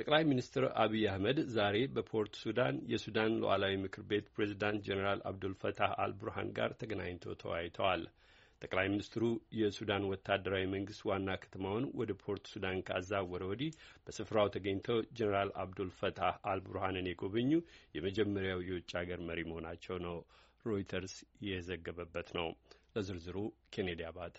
ጠቅላይ ሚኒስትር አብይ አህመድ ዛሬ በፖርት ሱዳን የሱዳን ሉዓላዊ ምክር ቤት ፕሬዚዳንት ጀኔራል አብዱልፈታህ አልቡርሃን ጋር ተገናኝተው ተወያይተዋል። ጠቅላይ ሚኒስትሩ የሱዳን ወታደራዊ መንግስት ዋና ከተማውን ወደ ፖርት ሱዳን ካዛወረ ወዲህ በስፍራው ተገኝተው ጀኔራል አብዱልፈታህ አልቡርሃንን የጎበኙ የመጀመሪያው የውጭ ሀገር መሪ መሆናቸው ነው ሮይተርስ የዘገበበት ነው። ለዝርዝሩ ኬኔዲ አባተ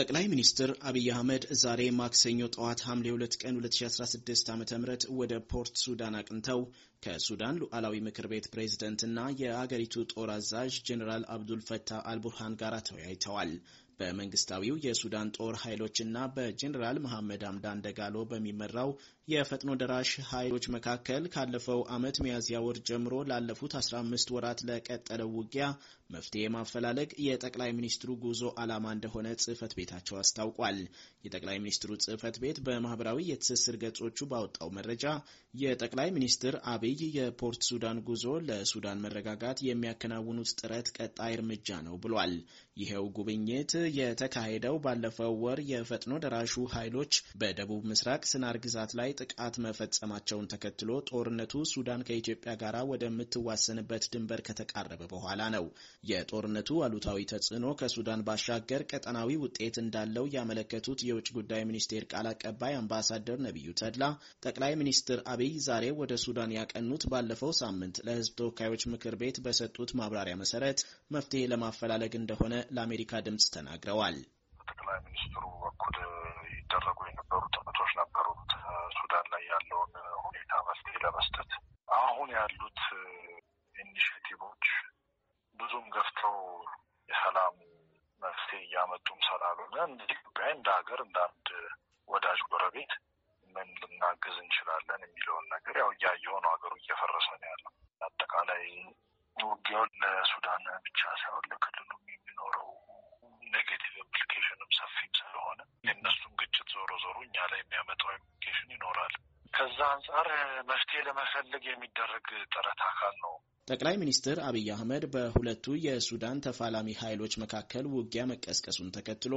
ጠቅላይ ሚኒስትር አብይ አህመድ ዛሬ ማክሰኞ ጠዋት ሐምሌ 2 ቀን 2016 ዓ ም ወደ ፖርት ሱዳን አቅንተው ከሱዳን ሉዓላዊ ምክር ቤት ፕሬዝደንትና የአገሪቱ ጦር አዛዥ ጄኔራል አብዱል አልቡርሃን ጋር ተወያይተዋል። በመንግስታዊው የሱዳን ጦር ኃይሎችና በጀኔራል መሐመድ አምዳን ደጋሎ በሚመራው የፈጥኖ ደራሽ ኃይሎች መካከል ካለፈው ዓመት ሚያዝያ ወር ጀምሮ ላለፉት 15 ወራት ለቀጠለው ውጊያ መፍትሄ ማፈላለግ የጠቅላይ ሚኒስትሩ ጉዞ ዓላማ እንደሆነ ጽህፈት ቤታቸው አስታውቋል። የጠቅላይ ሚኒስትሩ ጽህፈት ቤት በማህበራዊ የትስስር ገጾቹ ባወጣው መረጃ የጠቅላይ ሚኒስትር አብይ የፖርት ሱዳን ጉዞ ለሱዳን መረጋጋት የሚያከናውኑት ጥረት ቀጣይ እርምጃ ነው ብሏል። ይኸው ጉብኝት የተካሄደው ባለፈው ወር የፈጥኖ ደራሹ ኃይሎች በደቡብ ምስራቅ ስናር ግዛት ላይ ጥቃት መፈጸማቸውን ተከትሎ ጦርነቱ ሱዳን ከኢትዮጵያ ጋር ወደምትዋሰንበት ድንበር ከተቃረበ በኋላ ነው። የጦርነቱ አሉታዊ ተጽዕኖ ከሱዳን ባሻገር ቀጠናዊ ውጤት እንዳለው ያመለከቱት የውጭ ጉዳይ ሚኒስቴር ቃል አቀባይ አምባሳደር ነቢዩ ተድላ ጠቅላይ ሚኒስትር አብይ ዛሬ ወደ ሱዳን ያቀኑት ባለፈው ሳምንት ለሕዝብ ተወካዮች ምክር ቤት በሰጡት ማብራሪያ መሰረት መፍትሄ ለማፈላለግ እንደሆነ ለአሜሪካ ድምፅ ተናግረዋል። ተናግረዋል። ጠቅላይ ሚኒስትሩ በኩል ይደረጉ የነበሩ ጥረቶች ነበሩ ሱዳን ላይ ያለውን ሁኔታ መፍትሄ ለመስጠት አሁን ያሉት ኢኒሽቲቮች ብዙም ገፍተው የሰላም መፍትሄ እያመጡም ስላልሆነ እንደ ኢትዮጵያ እንደ ሀገር እንደ አንድ ወዳጅ ጎረቤት ምን ልናግዝ እንችላለን የሚለውን ነገር ያው እያየሁ ነው። ሀገሩ እየፈረሰ ነው ያለው። አጠቃላይ ውጊያው ለሱዳን ብቻ ሳይሆን እኛ ላይ የሚያመጣው ኢምፕሊኬሽን ይኖራል። ከዛ አንጻር መፍትሄ ለመፈለግ የሚደረግ ጥረት አካል ነው ጠቅላይ ሚኒስትር አብይ አህመድ በሁለቱ የሱዳን ተፋላሚ ኃይሎች መካከል ውጊያ መቀስቀሱን ተከትሎ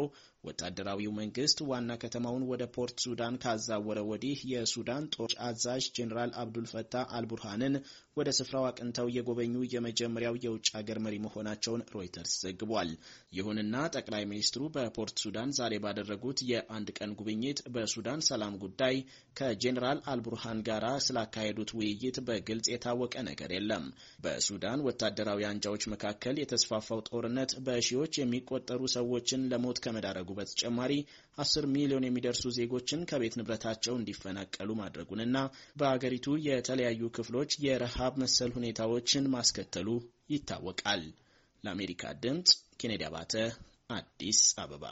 ወታደራዊው መንግስት ዋና ከተማውን ወደ ፖርት ሱዳን ካዛወረ ወዲህ የሱዳን ጦር አዛዥ ጄኔራል አብዱልፈታህ አልቡርሃንን ወደ ስፍራው አቅንተው የጎበኙ የመጀመሪያው የውጭ ሀገር መሪ መሆናቸውን ሮይተርስ ዘግቧል። ይሁንና ጠቅላይ ሚኒስትሩ በፖርት ሱዳን ዛሬ ባደረጉት የአንድ ቀን ጉብኝት በሱዳን ሰላም ጉዳይ ከጄኔራል አልቡርሃን ጋር ስላካሄዱት ውይይት በግልጽ የታወቀ ነገር የለም። በሱዳን ወታደራዊ አንጃዎች መካከል የተስፋፋው ጦርነት በሺዎች የሚቆጠሩ ሰዎችን ለሞት ከመዳረጉ በተጨማሪ አስር ሚሊዮን የሚደርሱ ዜጎችን ከቤት ንብረታቸው እንዲፈናቀሉ ማድረጉንና በአገሪቱ የተለያዩ ክፍሎች የረሃብ መሰል ሁኔታዎችን ማስከተሉ ይታወቃል። ለአሜሪካ ድምፅ ኬኔዲ አባተ አዲስ አበባ